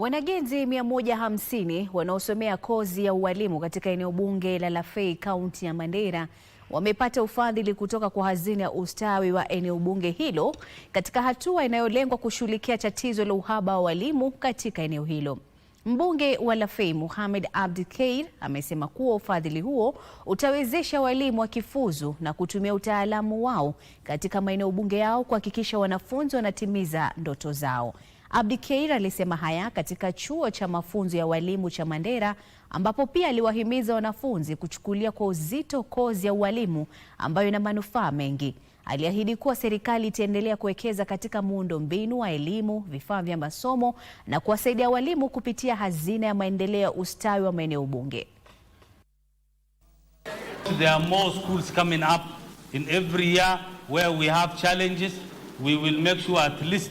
Wanagenzi 150 wanaosomea kozi ya ualimu katika eneo bunge la Lafey kaunti ya Mandera wamepata ufadhili kutoka kwa hazina ya ustawi wa eneo bunge hilo katika hatua inayolengwa kushughulikia tatizo la uhaba wa walimu katika eneo hilo. Mbunge wa Lafey Mohamed Abdi Kair amesema kuwa ufadhili huo utawezesha walimu wakifuzu na kutumia utaalamu wao katika maeneo bunge yao kuhakikisha wanafunzi wanatimiza ndoto zao. Abdikheir alisema haya katika chuo cha mafunzo ya walimu cha Mandera ambapo pia aliwahimiza wanafunzi kuchukulia kwa uzito kozi ya ualimu ambayo ina manufaa mengi. Aliahidi kuwa serikali itaendelea kuwekeza katika muundo mbinu wa elimu, vifaa vya masomo na kuwasaidia walimu kupitia hazina ya maendeleo ya ustawi wa maeneo bunge. There are more schools coming up in every year where we have challenges. We will make sure at least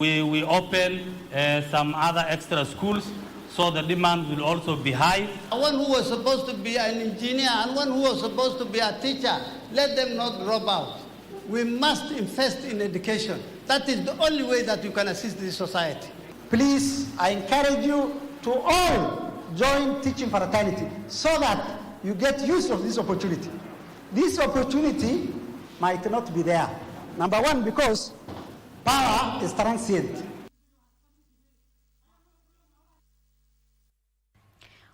we will open uh, some other extra schools so the demand will also be high. One who was supposed to be an engineer and one who was supposed to be a teacher, let them not drop out. We must invest in education. That is the only way that you can assist this society. Please, I encourage you to all join teaching fraternity so that you get use of this opportunity. This opportunity might not be there. Number one, because para estar siendo.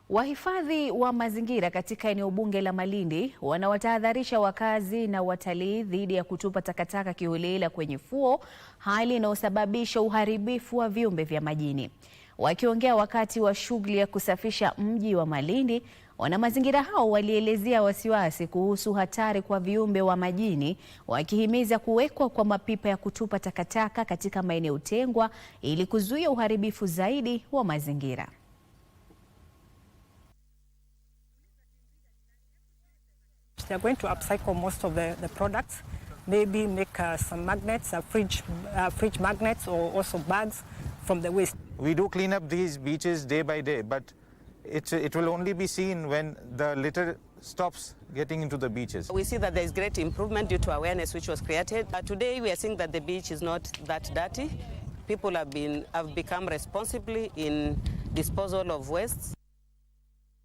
Wahifadhi wa mazingira katika eneo bunge la Malindi wanawatahadharisha wakazi na watalii dhidi ya kutupa takataka kiholela kwenye fuo, hali inayosababisha uharibifu wa viumbe vya majini. Wakiongea wakati wa shughuli ya kusafisha mji wa Malindi, Wanamazingira hao walielezea wasiwasi kuhusu hatari kwa viumbe wa majini, wakihimiza kuwekwa kwa mapipa ya kutupa takataka katika maeneo tengwa ili kuzuia uharibifu zaidi wa mazingira. They are going to upcycle most of the, the products, maybe make uh, some magnets, uh, fridge, uh, fridge magnets or also bags from the waste. We do clean up these beaches day by day, but it, it will only be seen when the litter stops getting into the beaches. We see that there is great improvement due to awareness which was created. Uh, today we are seeing that the beach is not that dirty. People have, been, have become responsibly in disposal of wastes.